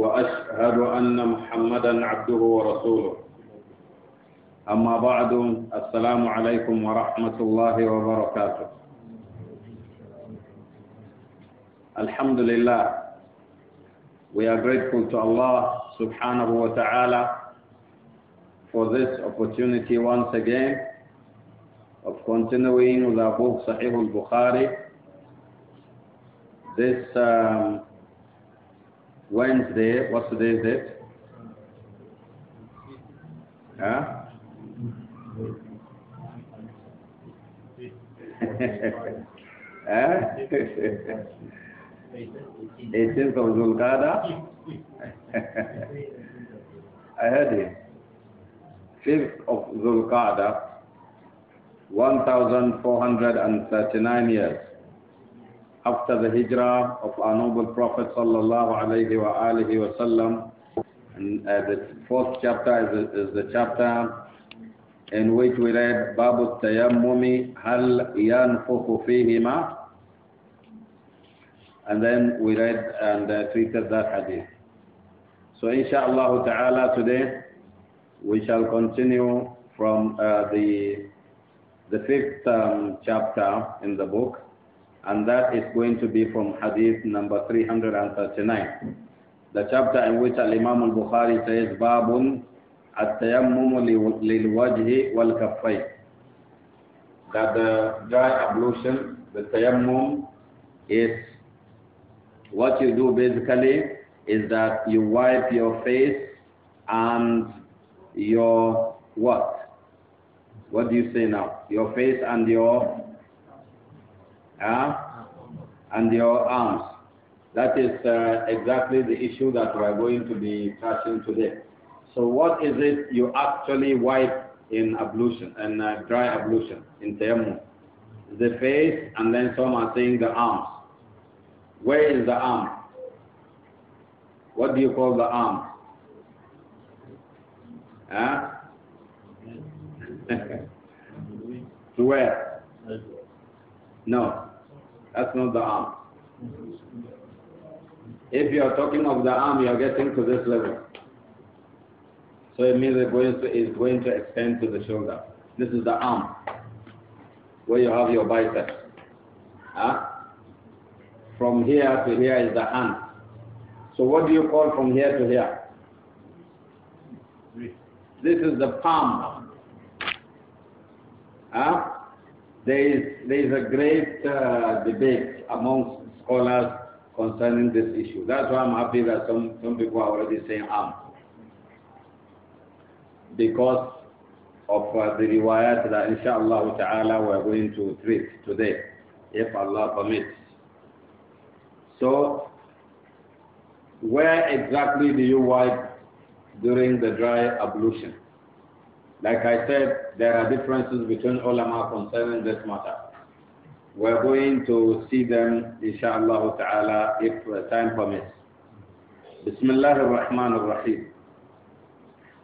وأشهد أن محمدا عبده ورسوله أما بعد السلام عليكم ورحمة الله وبركاته الحمد لله we are grateful to Allah subhanahu wa ta'ala for this opportunity once again of continuing with our book Sahih al-Bukhari this um, Wednesday, what's the day is it? Huh? Eh? 18th of Zulqada? I heard it. 5th of Zulqada, 1439 years after the hijrah of our noble Prophet sallallahu alayhi wa alihi wasallam. And uh, the fourth chapter is, is, the chapter in which we read Babu Tayammumi Hal Yanfuhu Fihima. And then we read and uh, treated that hadith. So inshallah ta'ala today we shall continue from uh, the the fifth um, chapter in the book and that is going to be from hadith number 339. The chapter in which Al-Imam al-Bukhari says, Babun at tayammum lil-wajhi wal-kaffay. That the dry ablution, the tayammum, is what you do basically is that you wipe your face and your what? What do you say now? Your face and your uh, and your arms. That is uh, exactly the issue that we are going to be touching today. So what is it you actually wipe in ablution, and uh, dry ablution, in tayammum? The face, and then some are saying the arms. Where is the arm? What do you call the arm? Huh? to where? No. That's not the arm. If you are talking of the arm, you are getting to this level. So it means it's going to, it's going to extend to the shoulder. This is the arm, where you have your biceps. Huh? From here to here is the hand. So what do you call from here to here? This is the palm. Huh? There is, there is a great uh, debate amongst scholars concerning this issue. That's why I'm happy that some, some people are already saying armed. Because of uh, the riwayat that inshallah ta'ala we're going to treat today, if Allah permits. So, where exactly do you wipe during the dry ablution? Like I said, there are differences between ulama concerning this matter. We're going to see them, inshallah ta'ala, if time permits. بسم الله الرحمن الرحيم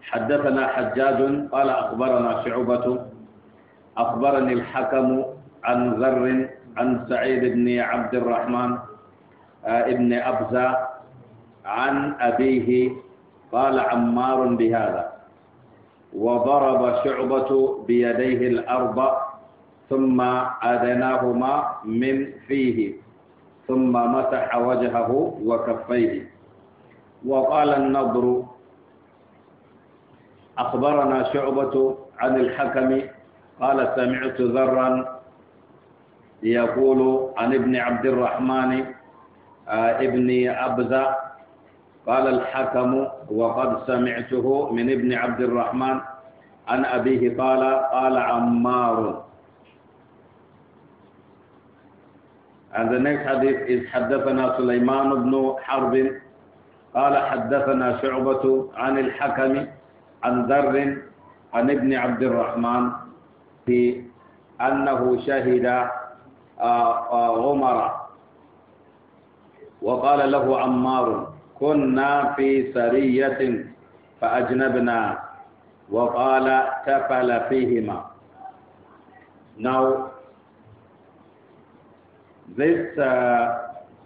حدثنا حجاج قال أخبرنا شعبة أخبرني الحكم عن ذر عن سعيد بن عبد الرحمن ابن أبزة عن أبيه قال عمار بهذا وضرب شعبة بيديه الأرض ثم أدناهما من فيه ثم مسح وجهه وكفيه وقال النضر أخبرنا شعبة عن الحكم قال سمعت ذرا يقول عن ابن عبد الرحمن آه، ابن أبزة قال الحكم وقد سمعته من ابن عبد الرحمن عن أبيه قال قال عمار And the next hadith is حدثنا سليمان بن حرب قال حدثنا شعبة عن الحكم عن ذر عن ابن عبد الرحمن في أنه شهد آه، آه، عمر وقال له عمار كنا في سرية فأجنبنا وقال تفل فيهما Now, this uh,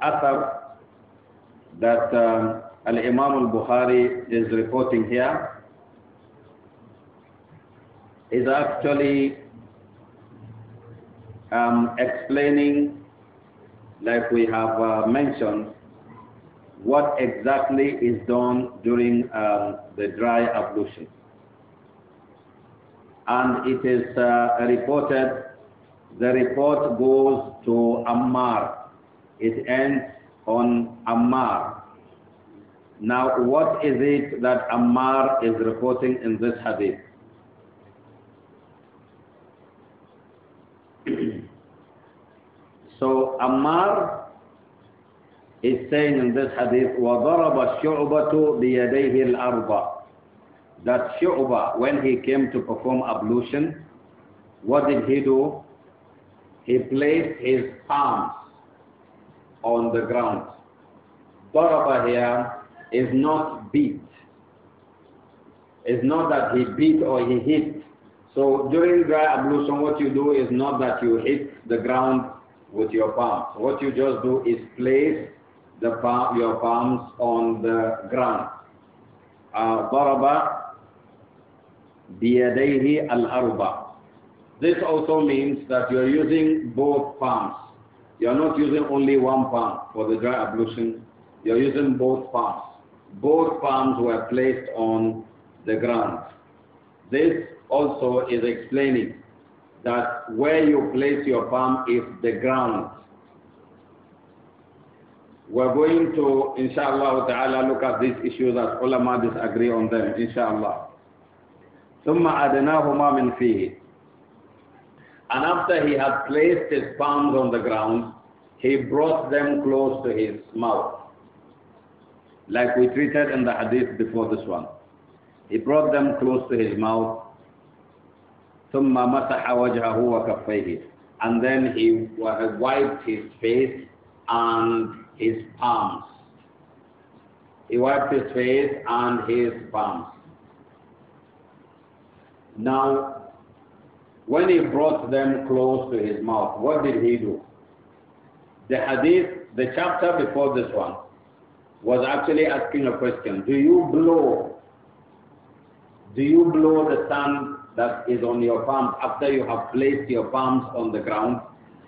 author that um, Al-Imam al-Bukhari is reporting here is actually um, explaining, like we have uh, mentioned, what exactly is done during um, the dry ablution. And it is uh, reported, the report goes to Ammar. It ends on Ammar. Now, what is it that Ammar is reporting in this hadith? so, Ammar is saying in this hadith, وَضَرَبَ الشُّعْبَةُ بِيَدَيْهِ الْأَرْضَ That Shu'ba, when he came to perform ablution, what did he do? He placed his palms on the ground. Daraba here is not beat. It's not that he beat or he hit. So during dry ablution, what you do is not that you hit the ground with your palms. What you just do is place the palm, your palms on the ground. Baraba ضرب بيديه الأربع. This also means that you're using both palms. You're not using only one palm for the dry ablution. You're using both palms. Both palms were placed on the ground. This also is explaining that where you place your palm is the ground. We're going to, inshallah ta'ala, look at these issues that ulama disagree on them, inshallah. ثُمَّ أَدْنَاهُمَا مِنْ فِيهِ And after he had placed his palms on the ground, he brought them close to his mouth. Like we treated in the hadith before this one. He brought them close to his mouth. ثُمَّ مَسَحَ وَجْهَهُ وَكَفَّيْهِ And then he wiped his face and his palms. He wiped his face and his palms. Now, when he brought them close to his mouth, what did he do? The hadith, the chapter before this one, was actually asking a question. Do you blow? Do you blow the sand that is on your palms after you have placed your palms on the ground?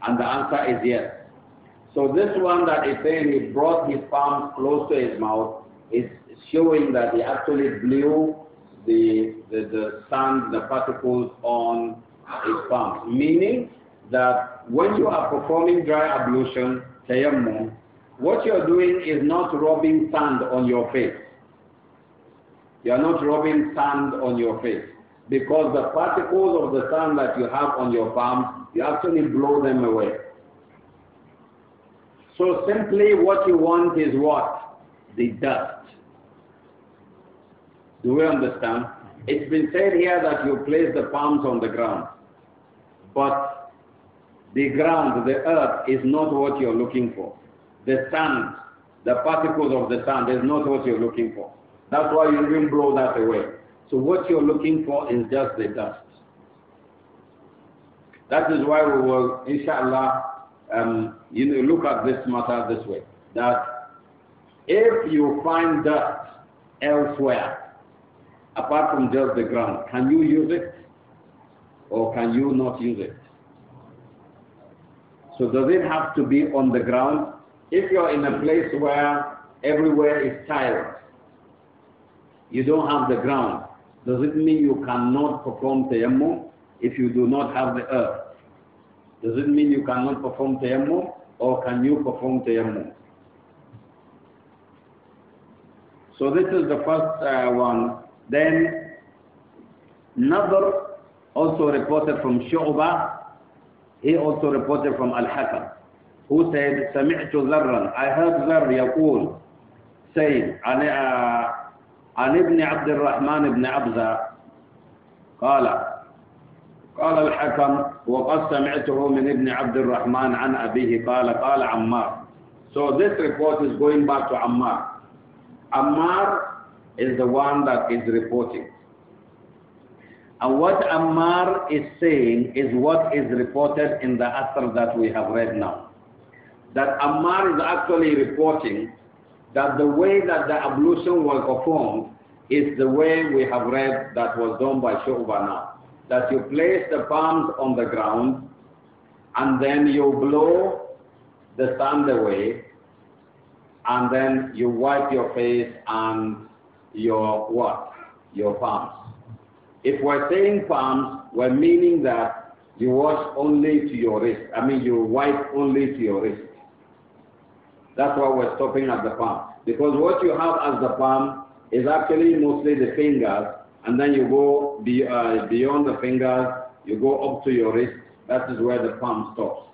And the answer is yes. So this one that is saying he brought his palm close to his mouth is showing that he actually blew the, the, the sand, the particles on his palm. Meaning that when you are performing dry ablution, tayammum, what you're doing is not rubbing sand on your face. You're not rubbing sand on your face. Because the particles of the sand that you have on your palm, you actually blow them away. So simply what you want is what? The dust. Do we understand? It's been said here that you place the palms on the ground. But the ground, the earth, is not what you're looking for. The sand, the particles of the sand, is not what you're looking for. That's why you even blow that away. So what you're looking for is just the dust. That is why we will, inshallah, um, you know, look at this matter this way, that if you find dust elsewhere, apart from just the ground, can you use it or can you not use it? So does it have to be on the ground? If you're in a place where everywhere is tiled, you don't have the ground, does it mean you cannot perform tayammum if you do not have the earth? Does it mean you cannot perform tayammum or can you perform tayammum? So this is the first uh, one. Then Nadr also reported from Shu'bah. He also reported from Al-Hakam who said, سمعت ذرا, I heard ذر يقول, saying, عن, uh, عن ابن عبد الرحمن بن عبزة قال قال الحكم وقد سمعته من ابن عبد الرحمن عن أبيه قال قال عمار So this report is going back to Ammar. Ammar is the one that is reporting. And what Ammar is saying is what is reported in the Asr that we have read now. That Ammar is actually reporting that the way that the ablution was performed is the way we have read that was done by Shu'ba now that you place the palms on the ground and then you blow the sand away and then you wipe your face and your what? Your palms. If we're saying palms, we're meaning that you wash only to your wrist. I mean, you wipe only to your wrist. That's why we're stopping at the palm. Because what you have as the palm is actually mostly the fingers and then you go be, uh, beyond the fingers, you go up to your wrist, that is where the palm stops.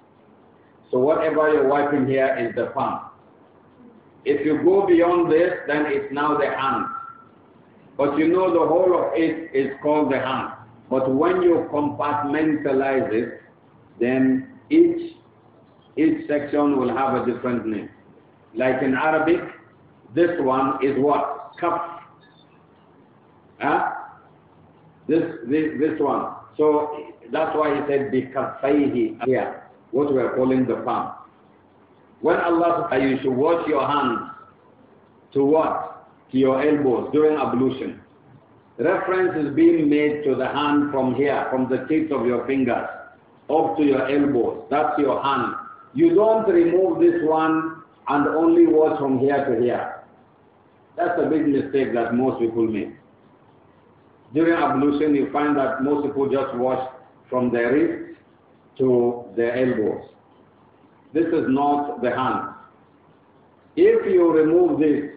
So whatever you're wiping here is the palm. If you go beyond this, then it's now the hand. But you know the whole of it is called the hand. But when you compartmentalize it, then each, each section will have a different name. Like in Arabic, this one is what? Cup. Huh? This, this, this one. So that's why he said, he here, what we are calling the palm. When Allah says, you should wash your hands to what? To your elbows during ablution. Reference is being made to the hand from here, from the tips of your fingers, up to your elbows. That's your hand. You don't remove this one and only wash from here to here. That's a big mistake that most people make. During ablution, you find that most people just wash from their wrists to their elbows. This is not the hand. If you remove this,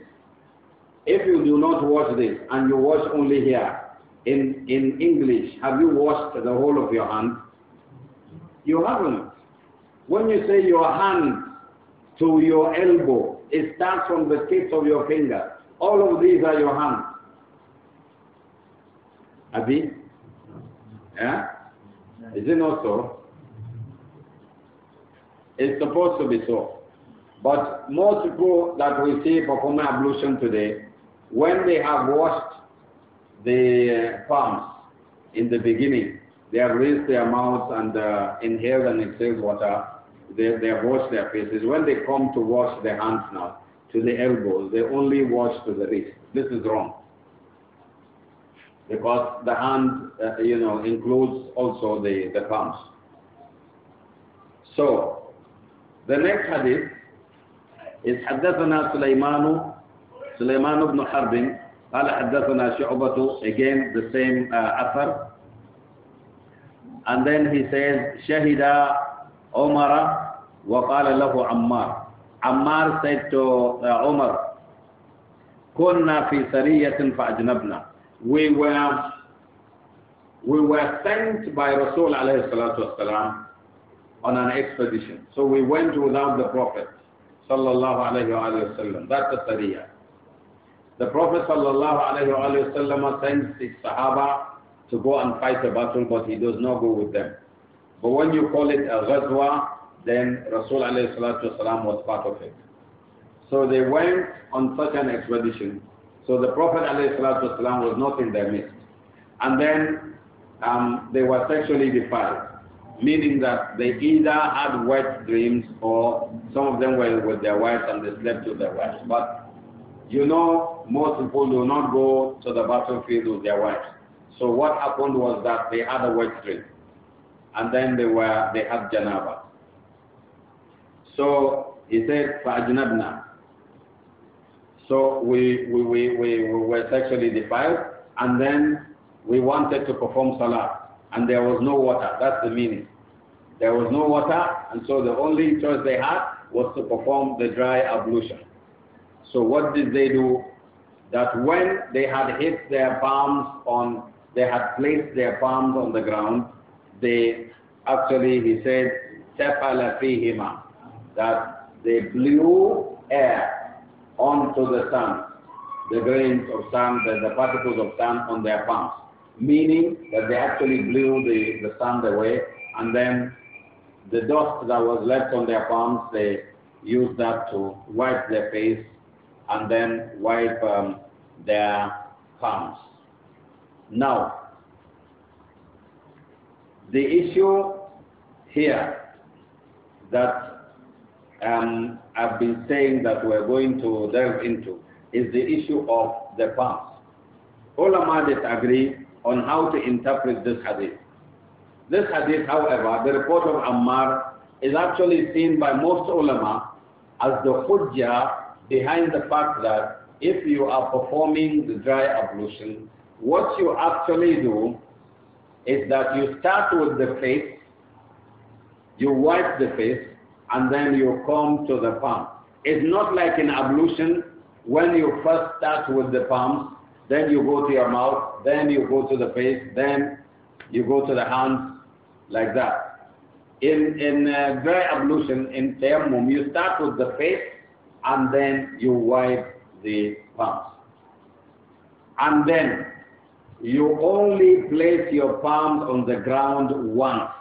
if you do not wash this and you wash only here, in, in English, have you washed the whole of your hand? You haven't. When you say your hand to your elbow, it starts from the tips of your finger. All of these are your hands. Abi? Yeah? Is it not so? It's supposed to be so. But most people that we see performing ablution today, when they have washed the uh, palms in the beginning, they have raised their mouths and uh, inhaled and exhaled water, they, they have washed their faces. When they come to wash their hands now, to the elbows, they only wash to the wrist. This is wrong because the hand, uh, you know, includes also the, the thumbs. So, the next hadith is حدثنا سليمان سليمان بن حرب قال حدثنا شعبة again the same uh, author and then he says شهد عمر وقال له عمار عمار said to uh, عمر كنا في سرية فأجنبنا we were we were sent by Rasul والسلام, on an expedition. So we went without the Prophet sallallahu alayhi wasallam. That's the Sariya. The Prophet sallallahu alayhi wasallam sends his Sahaba to go and fight a battle, but he does not go with them. But when you call it a ghazwa, then Rasul alayhi salatu wasalam was part of it. So they went on such an expedition so the Prophet ﷺ was not in their midst. And then um, they were sexually defiled, meaning that they either had wet dreams or some of them were with their wives and they slept with their wives. But you know, most people do not go to the battlefield with their wives. So what happened was that they had a wet dream, and then they were they had janaba. So he said, فَأَجْنَبْنَا so we, we, we, we, were sexually defiled, and then we wanted to perform salah, and there was no water. That's the meaning. There was no water, and so the only choice they had was to perform the dry ablution. So what did they do? That when they had hit their palms on, they had placed their palms on the ground, they actually, he said, That they blew air onto the sand, the grains of sand, the, the particles of sand on their palms, meaning that they actually blew the, the sand away and then the dust that was left on their palms, they used that to wipe their face and then wipe um, their palms. Now, the issue here that um, I've been saying that we're going to delve into is the issue of the past. Ulama agree on how to interpret this hadith. This hadith, however, the report of Ammar is actually seen by most ulama as the hujjah behind the fact that if you are performing the dry ablution, what you actually do is that you start with the face, you wipe the face, and then you come to the palm. It's not like in ablution, when you first start with the palms, then you go to your mouth, then you go to the face, then you go to the hands, like that. In, in uh, dry ablution, in termum, you start with the face, and then you wipe the palms. And then you only place your palms on the ground once,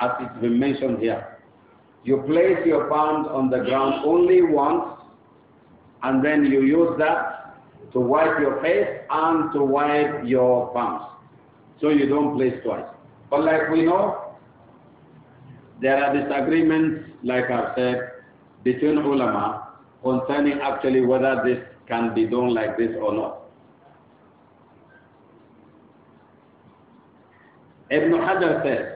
as it's been mentioned here. You place your palms on the ground only once and then you use that to wipe your face and to wipe your palms. So you don't place twice. But like we know, there are disagreements, like i said, between ulama concerning actually whether this can be done like this or not. Ibn Hajar says,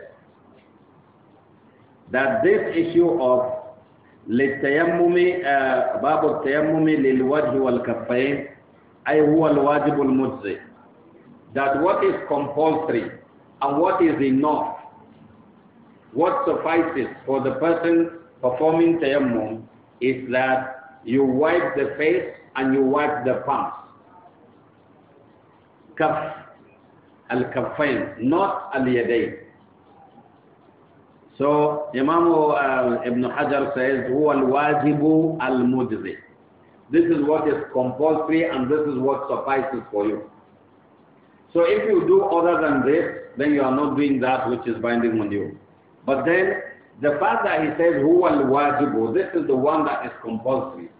that this issue of للتيمم باب التيمم للوجه والكفين أي هو الواجب المجزي that what is compulsory and what is enough what suffices for the person performing tayammum is that you wipe the face and you wipe the palms kaf al kafain not al yadayn so Imam uh, Ibn Hajar says, al-wajibu al المجزي. This is what is compulsory and this is what suffices for you. So if you do other than this, then you are not doing that which is binding on you. But then the fact that he says al-wajibu," this is the one that is compulsory,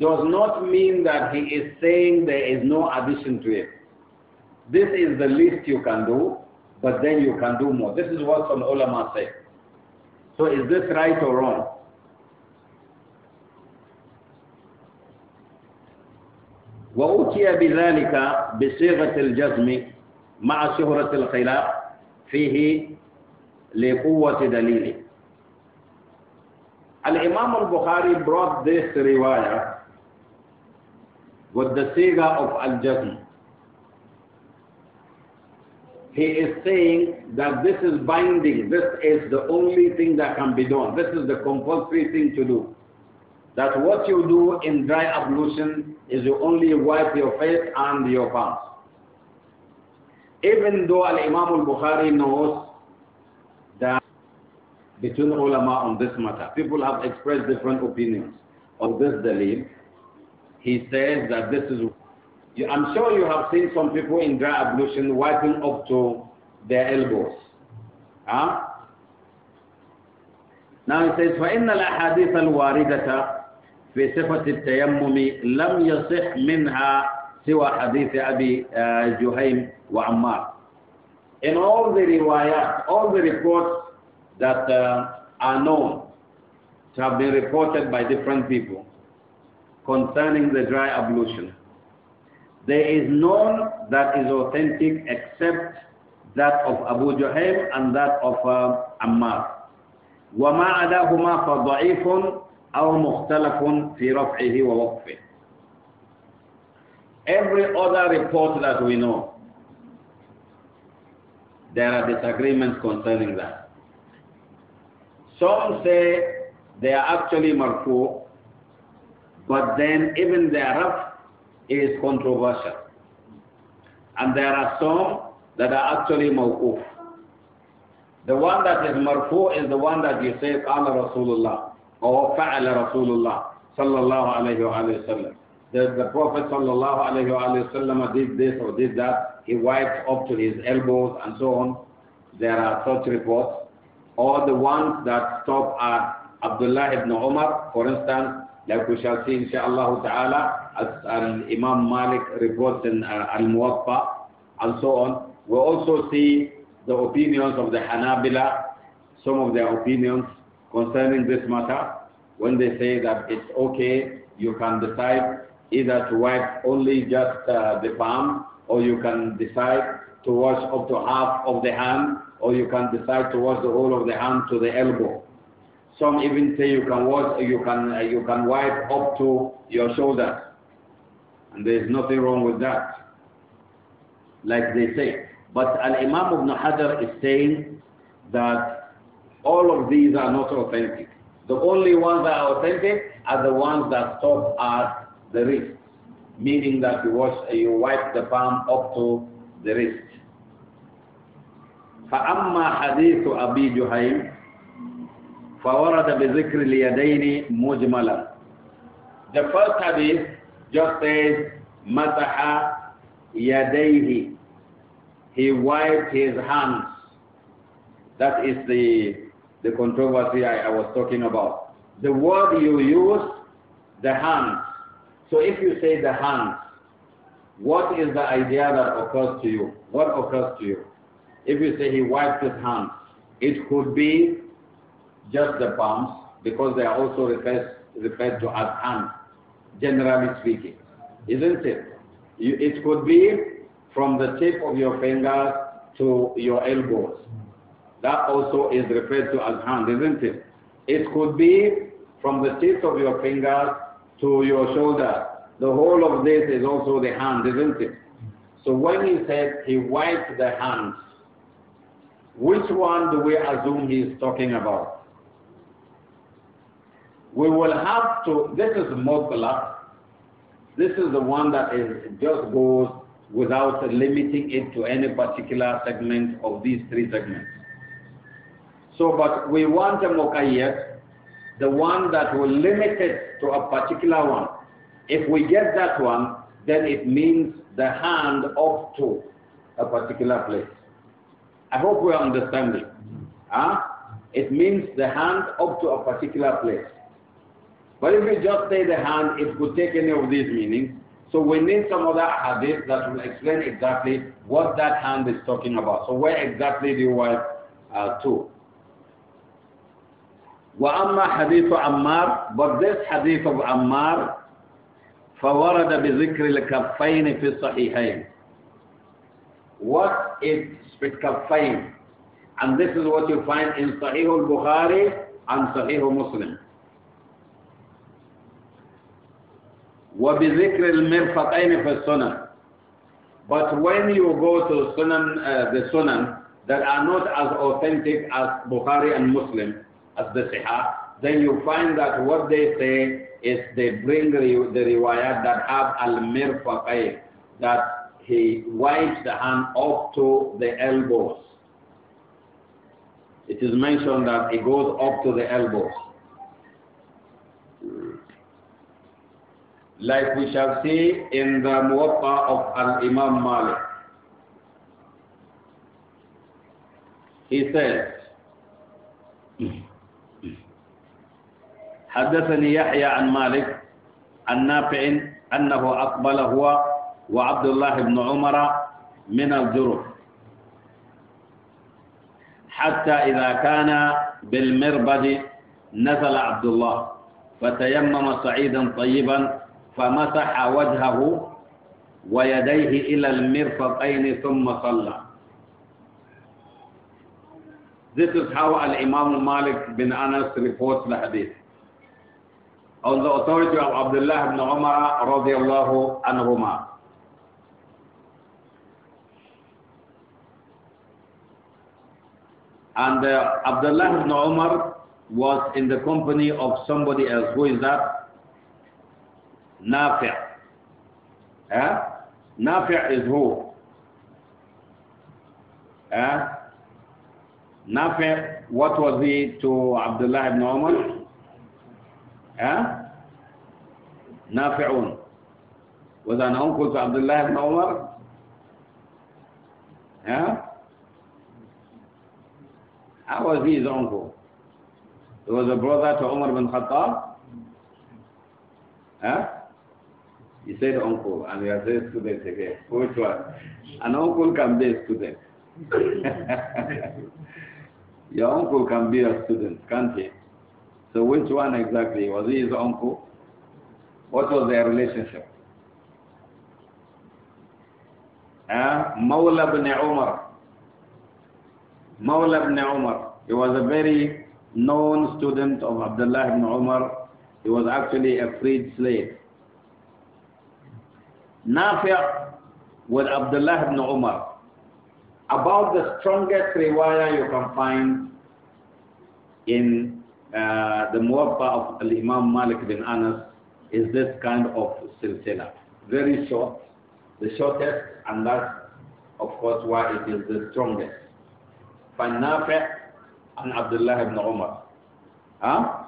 does not mean that he is saying there is no addition to it. This is the least you can do, but then you can do more. This is what some ulama say. So is this right or wrong? وأتي بذلك بصيغة الجزم مع شهرة الْخِلَاقِ فيه لقوة دليله الإمام البخاري brought this riwayah with the siga of al-jazm he is saying that this is binding, this is the only thing that can be done, this is the compulsory thing to do. That what you do in dry ablution is you only wipe your face and your palms. Even though Al-Imam al-Bukhari knows that between ulama on this matter, people have expressed different opinions on this dalil. He says that this is I'm sure you have seen some people in dry ablution wiping up to their elbows. Huh? Now it says, فَإِنَّ الْأَحَادِيثَ الْوَارِدَةَ في صفة التيمم لم يصح منها سوى حديث أبي جهيم وعمار. In all the riwayat, all the reports that uh, are known to have been reported by different people concerning the dry ablution, there is none that is authentic except that of Abu Juhaym and that of uh, Ammar. وما عداهما فضعيف أو مختلف في رفعه ووقفه. Every other report that we know, there are disagreements concerning that. Some say they are actually marfu, but then even their is controversial. And there are some that are actually mawquf. The one that is marfu is the one that you say qala Rasulullah or fa'ala Rasulullah sallallahu Alaihi Wasallam. The, the Prophet sallallahu Alaihi Wasallam did this or did that. He wiped up to his elbows and so on. There are such reports. Or the ones that stop at Abdullah ibn Umar, for instance, like we shall see inshallah ta'ala, as um, Imam Malik reports in uh, Al-Muwatta and so on. We also see the opinions of the Hanabila, some of their opinions concerning this matter, when they say that it's okay, you can decide either to wipe only just uh, the palm, or you can decide to wash up to half of the hand, or you can decide to wash the whole of the hand to the elbow. Some even say you can wash, you can, uh, you can wipe up to your shoulders. And there is nothing wrong with that. Like they say. But Al-Imam ibn Hajar is saying that all of these are not authentic. The only ones that are authentic are the ones that stop at the wrist. Meaning that you, wash, you wipe the palm up to the wrist. فأما حديث أبي جهيم فورد بذكر اليدين مجملا The first hadith just says, Mataha yadehi, He wiped his hands. That is the, the controversy I, I was talking about. The word you use, the hands. So if you say the hands, what is the idea that occurs to you? What occurs to you? If you say he wiped his hands, it could be just the palms, because they are also referred, referred to as hands generally speaking, isn't it? You, it could be from the tip of your fingers to your elbows. That also is referred to as hand, isn't it? It could be from the tips of your fingers to your shoulder. The whole of this is also the hand, isn't it? So when he said he wiped the hands, which one do we assume he is talking about? we will have to, this is modular. this is the one that is just goes without limiting it to any particular segment of these three segments. So, but we want a yet, the one that will limit it to a particular one. If we get that one, then it means the hand up to a particular place. I hope we are understanding. Huh? It means the hand up to a particular place. But if we just say the hand, it could take any of these meanings. So we need some other hadith that will explain exactly what that hand is talking about. So where exactly do you wipe uh, to? وأما حديث عمار but this hadith of عمار فورد بذكر الكفين في الصحيحين what is بالكفين and this is what you find in Sahih al-Bukhari and Sahih muslim وَبِذِكْرِ الْمِرْفَقَيْنِ فِي السُّنَنِ But when you go to sunan, uh, the sunan that are not as authentic as Bukhari and Muslim, as the Sahih, then you find that what they say is they bring the riwayat that have al-mirfaqay, that he wipes the hand up to the elbows. It is mentioned that it goes up to the elbows. like we shall see in the Muwatta of Al-Imam Malik. He says, حدثني يحيى عن مالك عن نافع أنه أقبل هو وعبد الله بن عمر من الجرح حتى إذا كان بالمربد نزل عبد الله فتيمم صعيدا طيبا فمسح وجهه ويديه إلى المرفقين ثم صلى This is how Al-Imam Malik bin Anas reports the hadith. On the authority of Abdullah ibn Umar radiallahu anhumah. And uh, Abdullah ibn Umar was in the company of somebody else. Who is that? نافع ها نافع is who? Eh? Nafi' what was he to Abdullah ibn Umar? Eh? Nafi'un was an uncle to Abdullah ibn Umar? ها How was he his uncle? He was a brother to Umar bin Khattab? Huh? He said uncle, and we are saying student again. Which one? An uncle can be a student. Your uncle can be a student, can't he? So which one exactly? Was he his uncle? What was their relationship? Uh, Mawla ibn Umar. Mawla ibn Umar. He was a very known student of Abdullah ibn Umar. He was actually a freed slave. Nafi' with Abdullah ibn Umar about the strongest riwayah you can find in uh, the Muwatta of Imam Malik bin Anas is this kind of silsila. Very short, the shortest, and that's of course why it is the strongest. By Nafi' and Abdullah ibn Umar. Huh?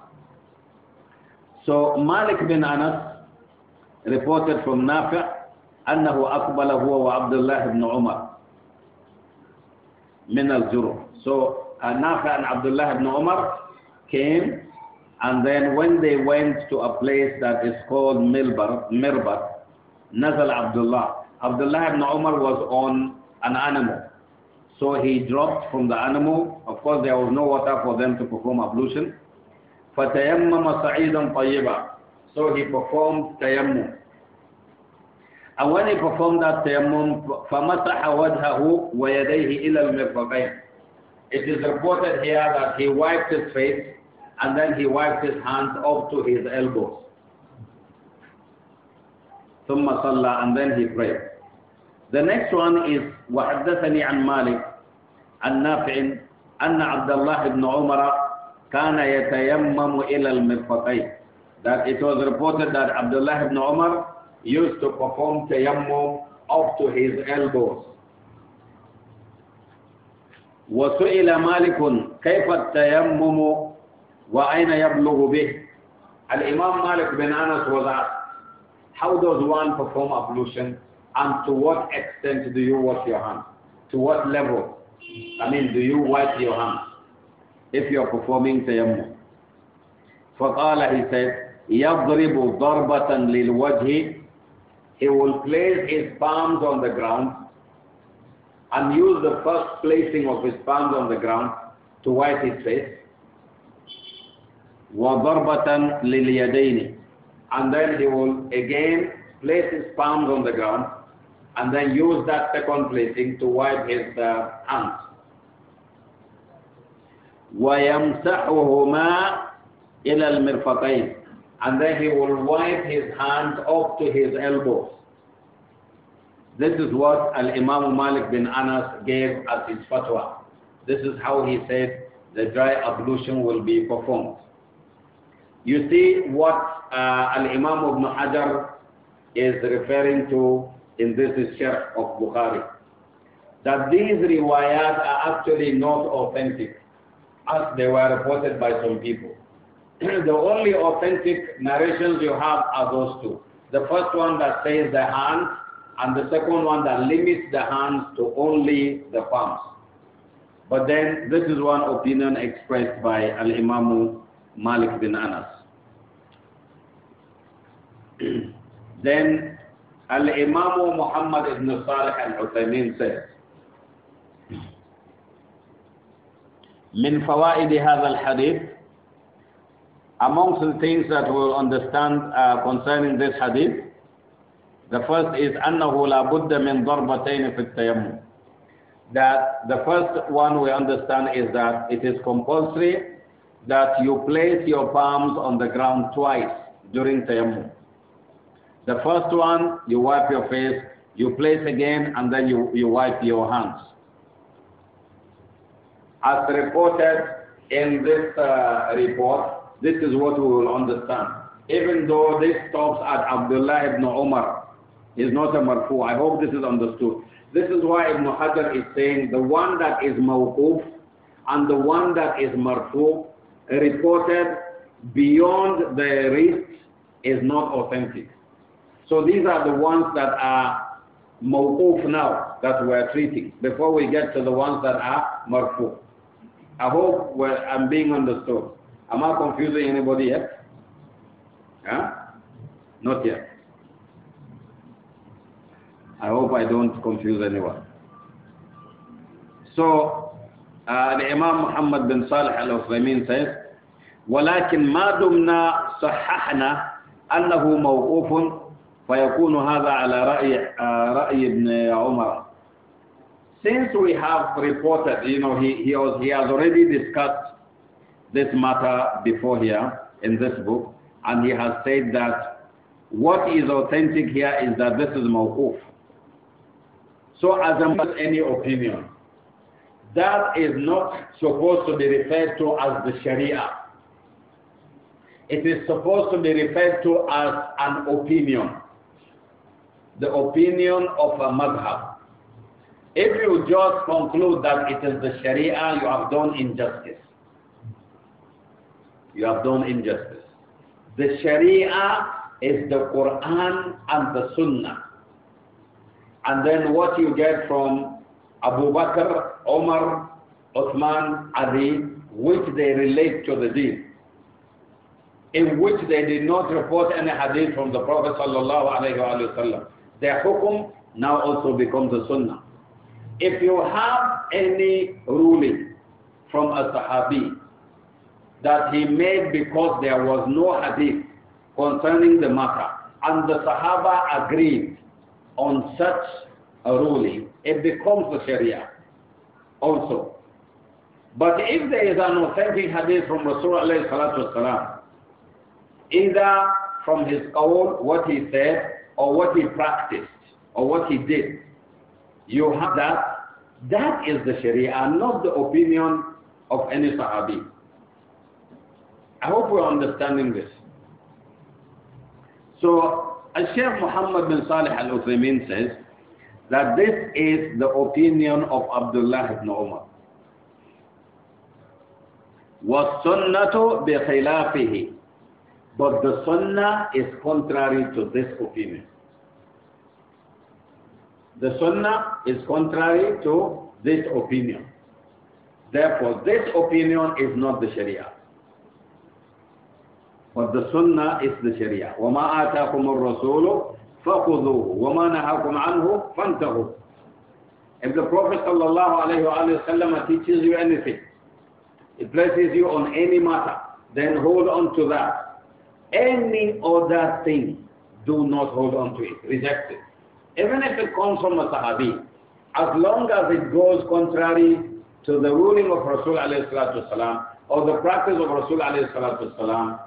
So Malik bin Anas reported from Nafi' أنه أقبل هو وعبد الله بن عمر من الجروح so uh, Nafi and Abdullah ibn Umar came and then when they went to a place that is called Milbar, Mirbar Nazal Abdullah Abdullah ibn Umar was on an animal so he dropped from the animal of course there was no water for them to perform ablution فَتَيَمَّمَ صَعِيدًا طَيِّبًا so he performed tayammum and when he performed that tayammum, uh, فَمَسَحَ وَجْهَهُ وَيَدَيْهِ إِلَى الْمِرْفَقَيْنِ It is reported here that he wiped his face and then he wiped his hands up to his elbows. ثم صلى and then he prayed. The next one is وحدثني عن مالك النافع أن عبد الله بن عمر كان يتيمم إلى المرفقين. That it was reported that Abdullah ibn Umar used to perform tayammum up to his elbows. وسئل مالك كيف التيمم وأين يبلغ به al مالك بن bin was asked, how does one perform ablution and to what extent do you wash your hands? To what level? I mean, do you wipe your hands if you are performing tayammum? فقال he said, يضرب ضربة للوجه he will place his palms on the ground and use the first placing of his palms on the ground to wipe his face. وَضَرْبَةً لِلْيَدَيْنِ And then he will again place his palms on the ground and then use that second placing to wipe his uh, hands. وَيَمْسَحُهُمَا إِلَى الْمِرْفَقَيْنِ and then he will wipe his hands up to his elbows. This is what Al-Imam Malik bin Anas gave as his fatwa. This is how he said the dry ablution will be performed. You see what uh, Al-Imam Ibn Hajar is referring to in this Sharh of Bukhari. That these riwayat are actually not authentic as they were reported by some people. the only authentic narrations you have are those two. The first one that says the hands, and the second one that limits the hands to only the palms. But then this is one opinion expressed by Al Imam Malik bin Anas. then Al Imam Muhammad ibn Salih Al Uthaymeen says. من فوائد هذا الحديث Amongst the things that we'll understand uh, concerning this hadith, the first is أنه لا بد من ضربتين في التيمم. That the first one we understand is that it is compulsory that you place your palms on the ground twice during tayammum. The first one, you wipe your face, you place again, and then you, you wipe your hands. As reported in this uh, report, this is what we will understand. Even though this stops at Abdullah ibn Umar, is not a marfu. I hope this is understood. This is why Ibn Hajar is saying the one that is mawquf and the one that is marfu reported beyond the wrist is not authentic. So these are the ones that are mawquf now that we're treating before we get to the ones that are marfu. I hope I'm being understood. Am I confusing anybody yet? Huh? Not yet. I hope I don't confuse anyone. So, uh, the Imam Muhammad bin Salih al-Uthaymeen says, ولكن ما دمنا صححنا أنه موقوف فيكون هذا على رأي رأي ابن عمر. Since we have reported, you know, he, he, was, he has already discussed this matter before here in this book, and he has said that what is authentic here is that this is mawquf. So as a any opinion, that is not supposed to be referred to as the Sharia. It is supposed to be referred to as an opinion. The opinion of a madhab. If you just conclude that it is the Sharia, you have done injustice you have done injustice. The Sharia is the Quran and the Sunnah. And then what you get from Abu Bakr, Omar, Uthman, Ali, which they relate to the deen, in which they did not report any hadith from the Prophet sallallahu alaihi wasallam. Their hukum now also becomes the sunnah. If you have any ruling from a sahabi that he made because there was no hadith concerning the matter. And the Sahaba agreed on such a ruling. It becomes the Sharia also. But if there is an authentic hadith from Rasulullah either from his own, what he said, or what he practiced, or what he did, you have that. That is the Sharia, not the opinion of any Sahabi. I hope we're understanding this. So, Sheikh Muhammad bin Salih al Uthaymeen says that this is the opinion of Abdullah ibn Umar. وَالسُنَّةُ بِخِلَافِهِ But the sunnah is contrary to this opinion. The sunnah is contrary to this opinion. Therefore, this opinion is not the sharia. But the sunnah is the sharia. وَمَا آتَاكُمُ الرَّسُولُ فَخُذُوهُ وَمَا نَهَاكُمْ عَنْهُ فَانْتَهُوا If the Prophet ﷺ teaches you anything, it places you on any matter, then hold on to that. Any other thing, do not hold on to it. Reject it. Even if it comes from a Sahabi, as long as it goes contrary to the ruling of Rasul ﷺ or the practice of Rasul ﷺ,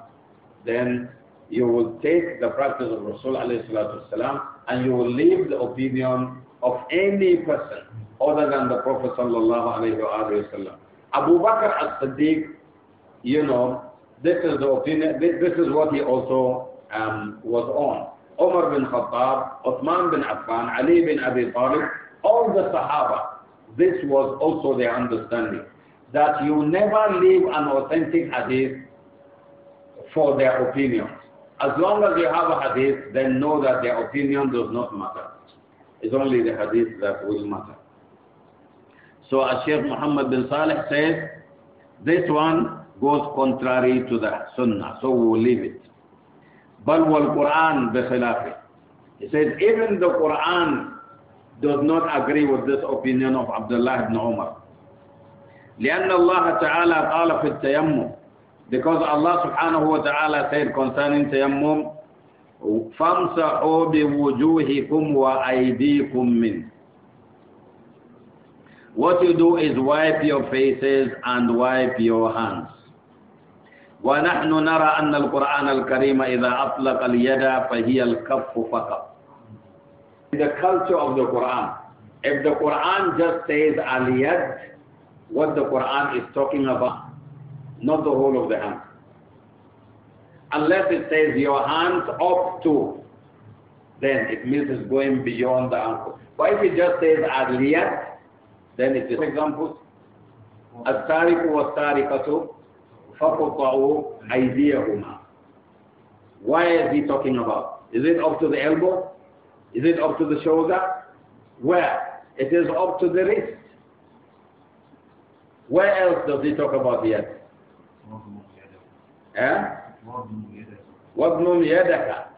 then you will take the practice of Rasul والسلام, and you will leave the opinion of any person other than the Prophet sallallahu Abu Bakr as-Siddiq, you know, this is the opinion, this, this is what he also um, was on. Umar bin Khattab, Uthman bin Affan, Ali bin Abi Talib, all the Sahaba, this was also their understanding. That you never leave an authentic hadith for their opinion. As long as you have a hadith, then know that their opinion does not matter. It's only the hadith that will matter. So as Sheikh Muhammad bin Saleh says, this one goes contrary to the sunnah, so we will leave it. But wal Quran bikhilafi. He says, even the Quran does not agree with this opinion of Abdullah ibn Umar. لأن الله تعالى قال في التيمم because Allah subhanahu wa ta'ala said concerning tayammum, فَامْسَحُوا بِوُجُوهِكُمْ وَأَيْدِيكُمْ مِنْ What you do is wipe your faces and wipe your hands. ونحن نرى أن القرآن الكريم إذا أطلق اليد فهي الكف فقط. In the culture of the Quran, if the Quran just says al-yad, what the Quran is talking about not the whole of the hand. Unless it says your hands up to, then it means it's going beyond the ankle. But if it just says adliyat, then it is. For example, السارق والسارقة فقطعوا أيديهما. Why is he talking about? Is it up to the elbow? Is it up to the shoulder? Where? It is up to the wrist. Where else does he talk about the head? Eh? What واضمم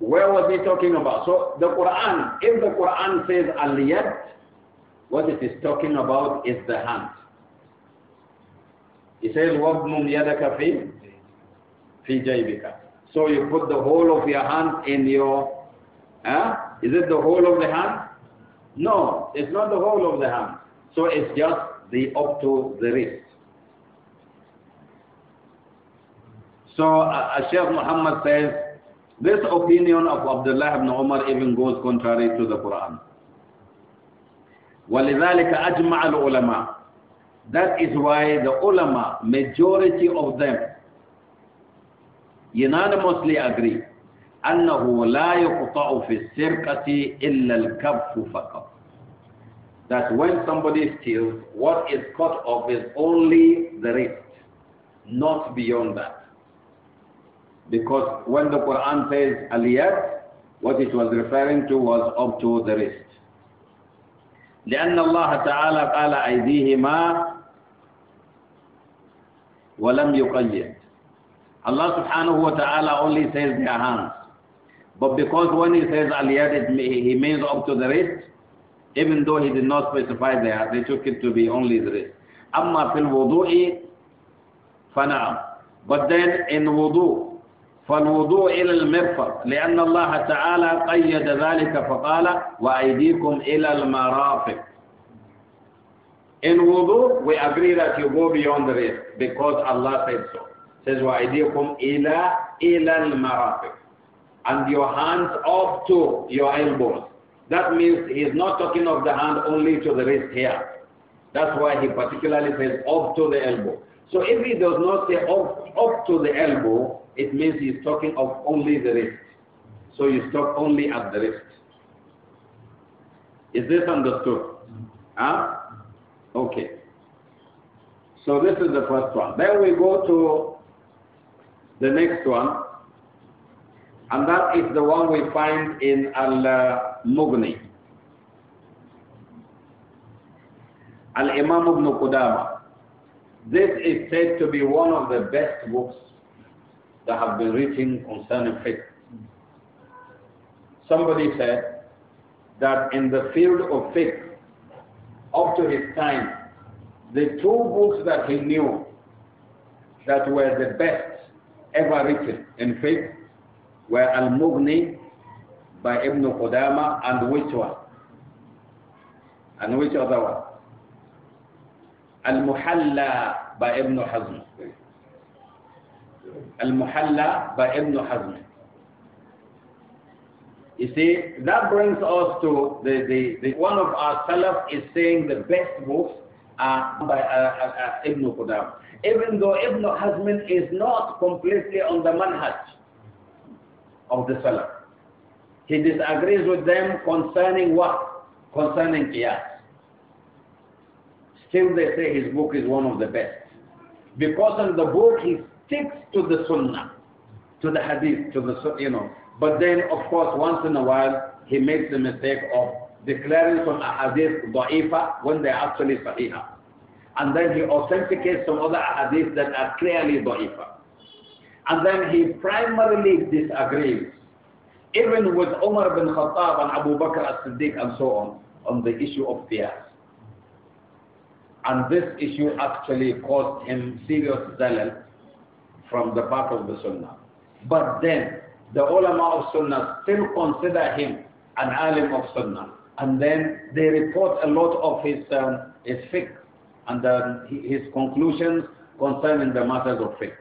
Where was he talking about? So the Quran, if the Quran says al-yad, what it is talking about is the hand. He says وَضْمُمْ yadaka fi fi jaybika. So you put the whole of your hand in your... Huh? Eh? Is it the whole of the hand? No, it's not the whole of the hand. So it's just the up to the wrist. So uh, Sheikh Muhammad says, this opinion of Abdullah ibn Umar even goes contrary to the Quran. وَلِذَلِكَ أَجْمَعَ الْعُلَمَاءِ That is why the ulama, majority of them, unanimously agree أنه لا يقطع في السرقة إلا الكف فقط that when somebody steals, what is cut off is only the wrist, not beyond that. Because when the Quran says aliyat, what it was referring to was up to the wrist. لأن الله تعالى قال أيديهما ولم يقيد. Allah subhanahu wa ta'ala only says their hands. But because when he says aliyat, he means up to the wrist, even though he did not specify there, they took it to be only the wrist. But then in wudu, فالوضوء إلى المرفق لأن الله تعالى قيد ذلك فقال وأيديكم إلى المرافق In wudu, we agree that you go beyond the wrist because Allah said so. Says وَأَيْدِيكُمْ إِلَى إِلَى الْمَرَافِقِ And your hands up to your elbows. That means he's not talking of the hand only to the wrist here. That's why he particularly says up to the elbow. So if he does not say up, up to the elbow, it means he's talking of only the wrist. So you stop only at the wrist. Is this understood? Huh? Okay. So this is the first one. Then we go to the next one, and that is the one we find in Allah. Uh, Mughni. Al-Imam ibn Qudama. This is said to be one of the best books that have been written concerning faith. Somebody said that in the field of faith, up to his time, the two books that he knew that were the best ever written in faith were Al-Mughni by Ibn Qudama and which one? And which other one? Al-Muhalla by Ibn Hazm. Al-Muhalla by Ibn Hazm. You see, that brings us to the, the, the one of our Salaf is saying the best books are by uh, uh, Ibn Qudam. Even though Ibn Hazm is not completely on the manhaj of the Salaf. He disagrees with them concerning what? Concerning Qiyas. Still they say his book is one of the best. Because in the book he sticks to the Sunnah, to the Hadith, to the, you know. But then of course once in a while he makes the mistake of declaring some Hadith da'ifa when they're actually sahiha. And then he authenticates some other Hadith that are clearly da'ifa. And then he primarily disagrees even with Umar bin Khattab and Abu Bakr as-Siddiq and so on, on the issue of fiqh, And this issue actually caused him serious zalal from the part of the Sunnah. But then, the ulama of Sunnah still consider him an alim of Sunnah. And then they report a lot of his, um, his fiqh and um, his conclusions concerning the matters of fiqh.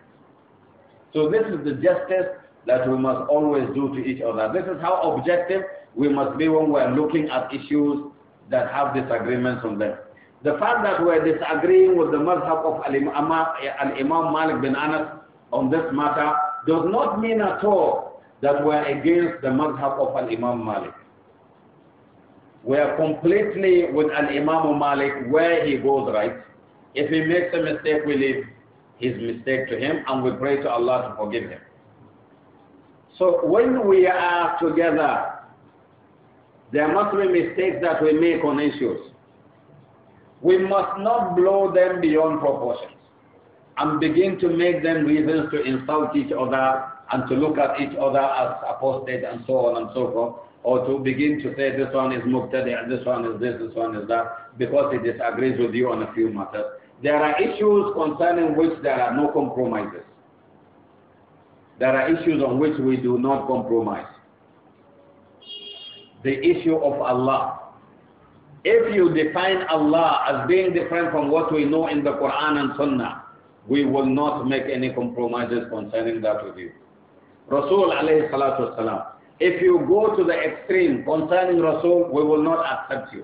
So this is the justice that we must always do to each other. This is how objective we must be when we are looking at issues that have disagreements on them. The fact that we are disagreeing with the madhab of Al-Imam Malik bin Anas on this matter does not mean at all that we are against the madhab of Al-Imam Malik. We are completely with Al-Imam Malik where he goes right. If he makes a mistake, we leave his mistake to him and we pray to Allah to forgive him. So when we are together, there must be mistakes that we make on issues. We must not blow them beyond proportions and begin to make them reasons to insult each other and to look at each other as apostate and so on and so forth, or to begin to say this one is muqtadi and this one is this, this one is that, because he disagrees with you on a few matters. There are issues concerning which there are no compromises. There are issues on which we do not compromise. The issue of Allah. If you define Allah as being different from what we know in the Quran and Sunnah, we will not make any compromises concerning that with you. Rasul alayhi salatu wasalam, if you go to the extreme concerning Rasul, we will not accept you.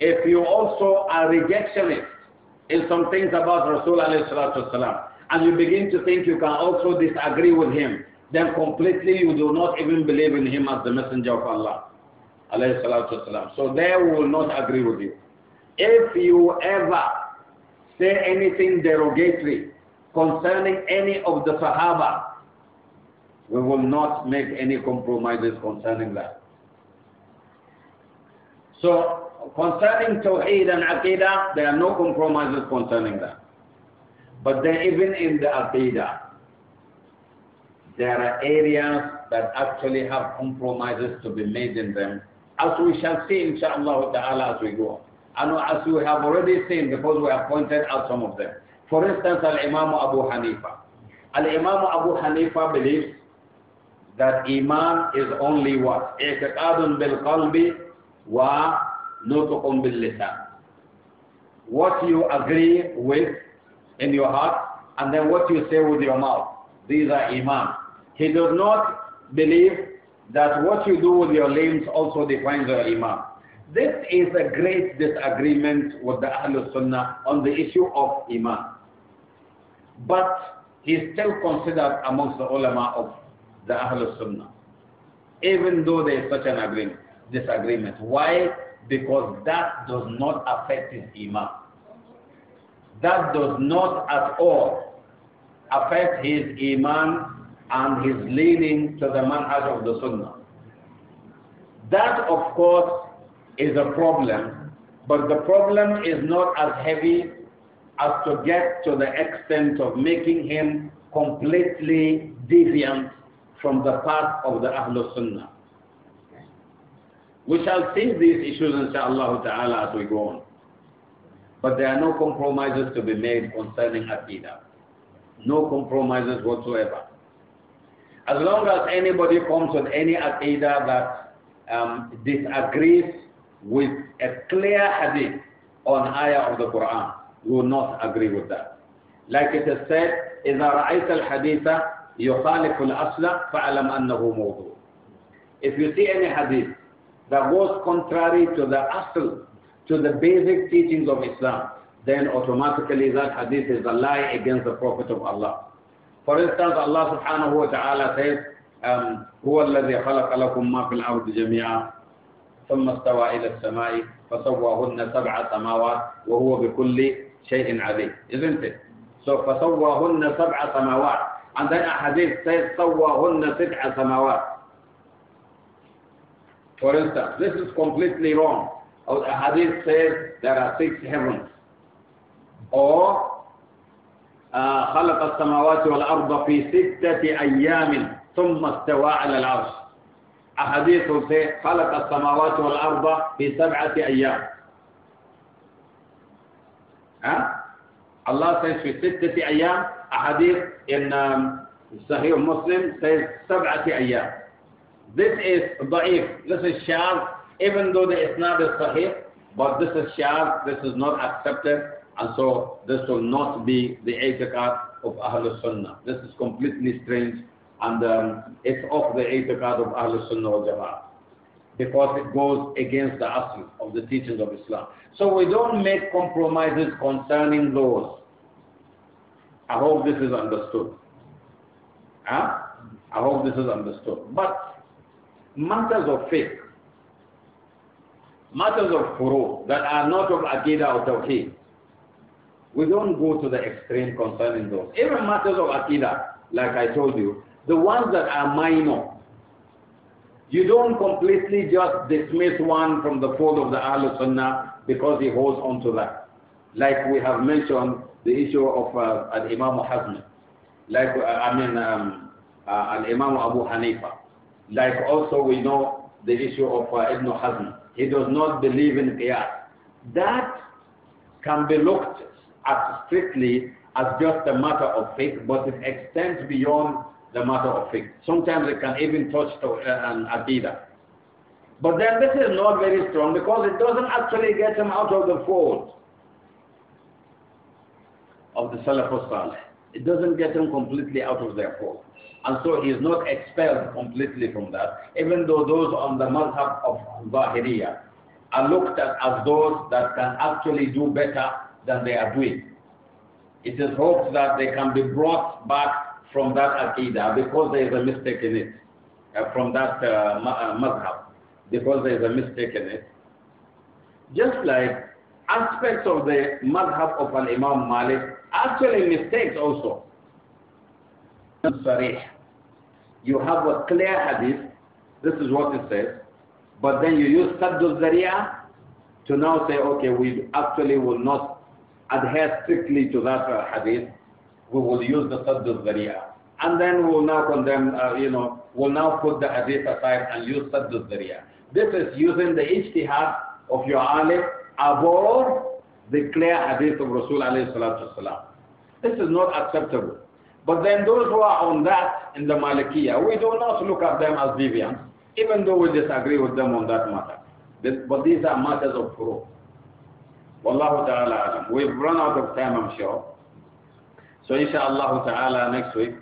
If you also are rejectionist in some things about Rasul alayhi salatu wasalam, and you begin to think you can also disagree with him, then completely you do not even believe in him as the messenger of Allah. So they will not agree with you. If you ever say anything derogatory concerning any of the Sahaba, we will not make any compromises concerning that. So concerning Tawheed and Aqidah, there are no compromises concerning that. But then even in the Aqidah, there are areas that actually have compromises to be made in them, as we shall see inshallah ta'ala as we go. And as we have already seen, because we have pointed out some of them. For instance, Al-Imam Abu Hanifa. Al-Imam Abu Hanifa believes that Iman is only what? wa بالقلب ونطق باللسان. What you agree with in your heart and then what you say with your mouth. These are Iman. He does not believe that what you do with your limbs also defines your Iman. This is a great disagreement with the Ahlul Sunnah on the issue of Iman. But he is still considered amongst the ulama of the Ahlul Sunnah. Even though there is such an agreement, disagreement. Why? Because that does not affect his Iman that does not at all affect his iman and his leaning to the manhaj of the sunnah. That, of course, is a problem, but the problem is not as heavy as to get to the extent of making him completely deviant from the path of the Ahlul Sunnah. We shall see these issues, inshallah ta'ala, as we go on. But there are no compromises to be made concerning Aqidah. No compromises whatsoever. As long as anybody comes with any Aqidah that um, disagrees with a clear hadith on ayah of the Quran, we will not agree with that. Like it is said, إِذَا رَأَيْتَ الْحَدِيثَ يُخَالِفُ الْأَصْلَ فعلم أَنَّهُ مَوْضُوعٌ If you see any hadith that goes contrary to the asl to the basic teachings of Islam, then automatically that hadith is a lie against the Prophet of Allah. For instance, Allah subhanahu wa ta'ala says, um, هو الذي خلق لكم ما في الأرض جميعا ثم استوى إلى السماء فسواهن سبع سماوات وهو بكل شيء عليم isn't it so فسواهن سبع سماوات and then a hadith says سواهن سبع سماوات for instance this is completely wrong Or the hadith says there are six heavens. Or خلق السماوات والأرض في ستة أيام ثم استوى على العرش أحاديث خلق السماوات والأرض في سبعة أيام ها؟ الله says في ستة أيام أحاديث in Sahih Muslim says سبعة أيام This is ضعيف. This is sharp. even though the isnad is sahih, but this is shaz, this is not accepted, and so this will not be the etiquette of Ahlul Sunnah. This is completely strange, and um, it's off the etiquette of Ahlul Sunnah al Jama'ah because it goes against the asl of the teachings of Islam. So we don't make compromises concerning those. I hope this is understood. Huh? I hope this is understood. But matters of faith, matters of furu that are not of Aqidah or Tawheed, we don't go to the extreme concerning those. Even matters of Aqidah, like I told you, the ones that are minor, you don't completely just dismiss one from the fold of the Ahlul Sunnah because he holds on to that. Like we have mentioned the issue of uh, Al-Imam Hazm, like, uh, I mean, um, uh, Al-Imam Abu Hanifa. Like also we know the issue of uh, Ibn Hazm. He does not believe in qiyas. That can be looked at strictly as just a matter of faith, but it extends beyond the matter of faith. Sometimes it can even touch to, uh, an aqidah. But then this is not very strong because it doesn't actually get him out of the fold of the Salafus Salih. It doesn't get him completely out of their fold. And so he is not expelled completely from that, even though those on the madhab of Zahiriya are looked at as those that can actually do better than they are doing. It is hoped that they can be brought back from that Aqidah because there is a mistake in it, uh, from that uh, uh because there is a mistake in it. Just like aspects of the madhab of an Imam Malik, actually mistakes also. You have a clear hadith, this is what it says, but then you use Saddu to now say, okay, we actually will not adhere strictly to that uh, hadith, we will use the Saddu Zaria. And then we'll now condemn, uh, you know, we'll now put the hadith aside and use Saddu Zaria. This is using the ijtihad of your alif above the clear hadith of Rasul alayhi salatu This is not acceptable. But then those who are on that in the Malikiya, we do not look at them as deviants, even though we disagree with them on that matter. This, but these are matters of proof. Wallahu ta'ala alam. We've run out of time, I'm sure. So inshallah ta'ala next week,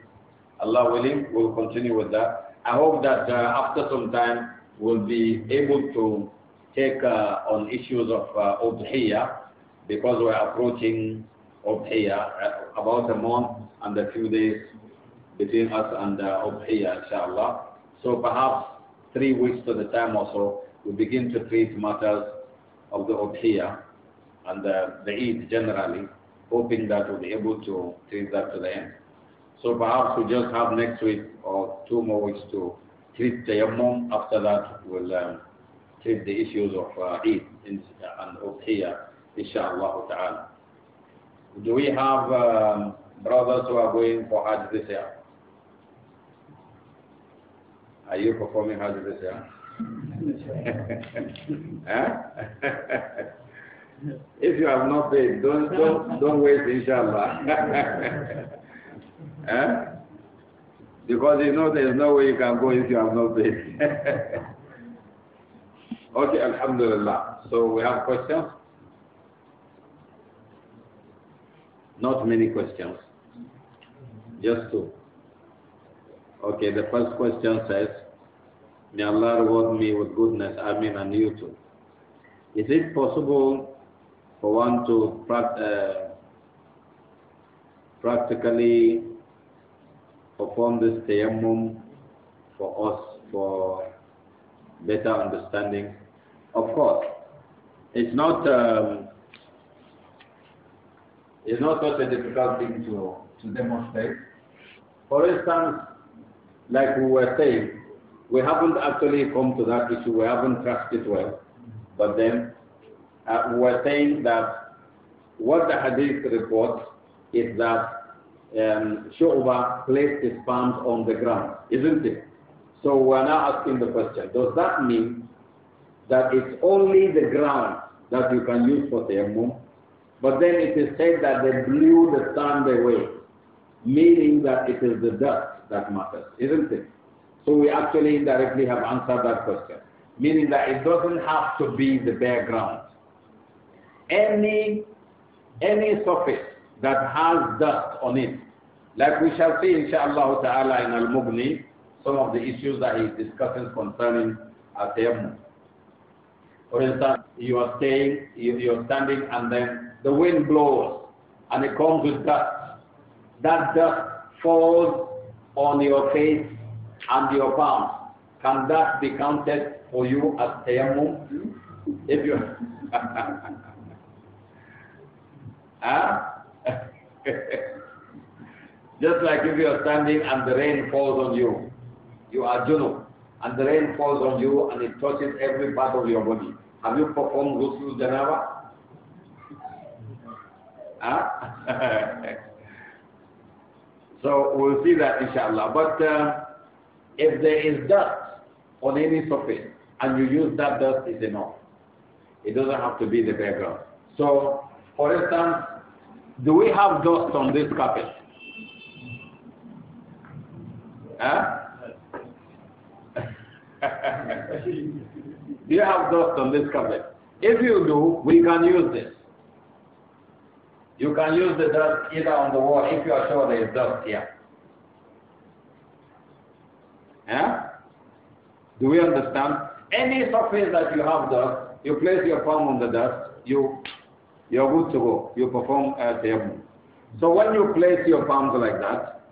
Allah willing, we'll continue with that. I hope that uh, after some time, we'll be able to take uh, on issues of uh, Udhiyah, because we're approaching Udhiyah, uh, about a month and a few days between us and the uh, Ubhiyya, inshallah. So perhaps three weeks to the time or so, we begin to treat matters of the Udhiyya and the, the Eid generally, hoping that we'll be able to treat that to the end. So perhaps we just have next week or two more weeks to treat the Tayammum. After that, we'll um, treat the issues of uh, Eid and Udhiyya, inshallah Do we have... Um, brothers who are going for Hajj this year? Are you performing Hajj this year? if you have not paid, don't don't don't waste inshallah. eh? Because you know there's no way you can go if you have not paid. okay, alhamdulillah. So we have questions. Not many questions. Just two. Okay, the first question says, May Allah reward me with goodness, I mean, and you too. Is it possible for one to uh, practically perform this tayammum for us for better understanding? Of course. It's not um, it's not such a difficult thing to, to demonstrate. For instance, like we were saying, we haven't actually come to that issue, we haven't trusted it well. But then uh, we were saying that what the hadith reports is that um, Shu'ba placed his palms on the ground, isn't it? So we are now asking the question, does that mean that it's only the ground that you can use for tayammum? But then it is said that they blew the sand away, meaning that it is the dust that matters, isn't it? So we actually indirectly have answered that question, meaning that it doesn't have to be the bare ground. Any, any surface that has dust on it, like we shall see inshallah ta'ala in Al-Mughni, some of the issues that he is discussing concerning Atemu. For instance, you are staying, you are standing and then the wind blows and it comes with dust. That dust falls on your face and your palms. Can that be counted for you as tayammum? If you huh? Just like if you are standing and the rain falls on you, you are junub, and the rain falls on you and it touches every part of your body. Have you performed ghusl janaba? Ah. so we'll see that inshallah. But uh, if there is dust on any surface and you use that dust, it's enough. It doesn't have to be the background. So, for instance, do we have dust on this carpet? Huh? do you have dust on this carpet? If you do, we can use this. You can use the dust either on the wall if you are sure there is dust here. Yeah? Do we understand? Any surface that you have dust, you place your palm on the dust, you you're good to go. You perform a tayammum. So when you place your palms like that,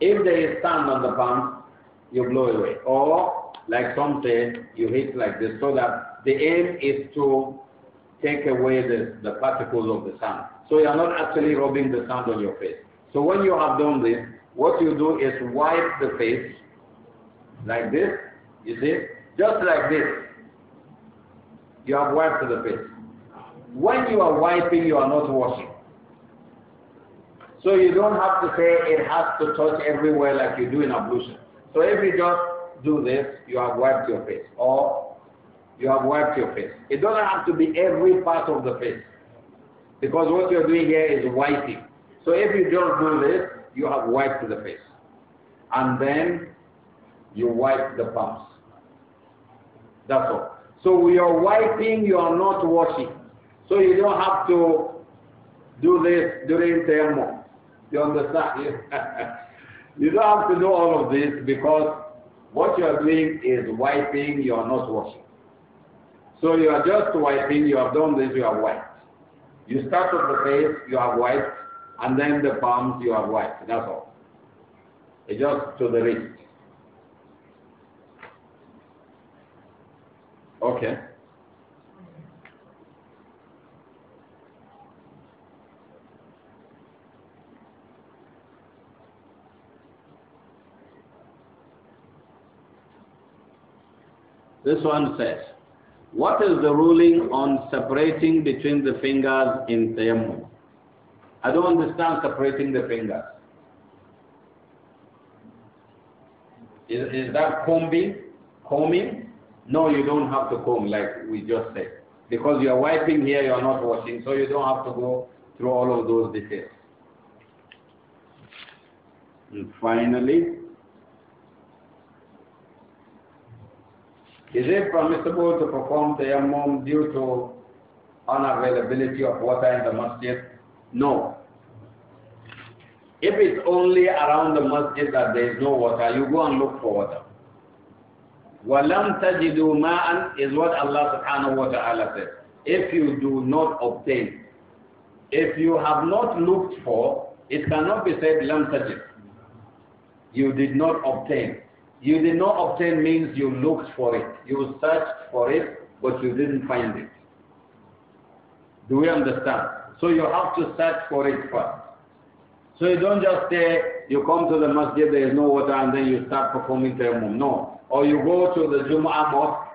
if there is sand on the palm, you blow away. Or like some say, you hit like this so that the aim is to take away the, the particles of the sand. So you are not actually rubbing the sand on your face. So when you have done this, what you do is wipe the face like this, you see, just like this. You have wiped the face. When you are wiping, you are not washing. So you don't have to say it has to touch everywhere like you do in ablution. So if you just do this, you have wiped your face. Or you have wiped your face. It doesn't have to be every part of the face. Because what you're doing here is wiping. So if you don't do this, you have wiped the face. And then you wipe the palms. That's all. So we you're wiping, you are not washing. So you don't have to do this during thermo. You understand? you don't have to do all of this because what you are doing is wiping, you are not washing. So you are just wiping, you have done this, you have wiped. You start with the face, you have wiped, and then the palms, you have wiped. That's all. It's just to the wrist. Okay. This one says, what is the ruling on separating between the fingers in tayammum? I don't understand separating the fingers. Is, is that combing? Combing? No, you don't have to comb like we just said. Because you are wiping here, you are not washing, so you don't have to go through all of those details. And finally, Is it permissible to perform tayammum due to unavailability of water in the masjid? No. If it's only around the masjid that there is no water, you go and look for water. وَلَمْ تَجِدُوا مَاءً is what Allah subhanahu wa ta'ala says. If you do not obtain, if you have not looked for, it cannot be said, لَمْ تَجِدْ You did not obtain. You did not obtain means you looked for it. You searched for it, but you didn't find it. Do we understand? So you have to search for it first. So you don't just say, you come to the masjid, there is no water, and then you start performing tayammum. No. Or you go to the Jum'ah mosque,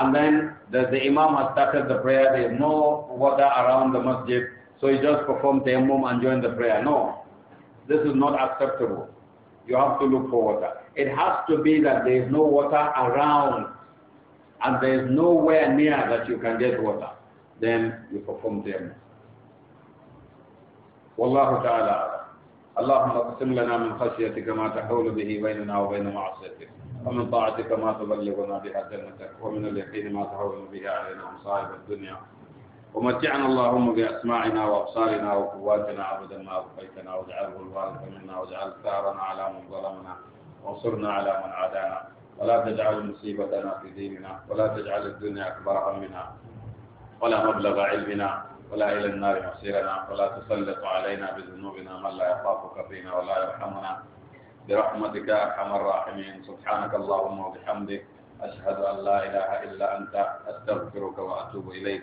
and then the, the imam has started the prayer, there is no water around the masjid, so you just perform tayammum and join the prayer. No. This is not acceptable. You have to look for water. It has to be that there is no water around and there is nowhere near that you can get water. Then you perform them. والله تعالى اللهم اقسم لنا من خشيتك ما تحول به بيننا وبين معصيتك ومن طاعتك ما تبلغنا بها جنتك ومن اليقين ما تهون به علينا مصائب الدنيا ومتعنا اللهم بأسماعنا وأبصارنا وقواتنا عبدا ما أبقيتنا واجعله الوارث منا واجعل ثارنا على من ظلمنا وانصرنا على من عادانا ولا تجعل مصيبتنا في ديننا ولا تجعل الدنيا أكبر همنا ولا مبلغ علمنا ولا إلى النار مصيرنا ولا تسلط علينا بذنوبنا من لا يخافك فينا ولا يرحمنا برحمتك يا أرحم الراحمين سبحانك اللهم وبحمدك أشهد أن لا إله إلا أنت أستغفرك وأتوب إليك